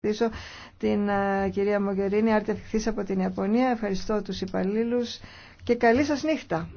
ευχαριστήσω την ε, κυρία Μογκερίνη, άρτη από την Ιαπωνία. Ευχαριστώ τους υπαλλήλους και καλή σας νύχτα.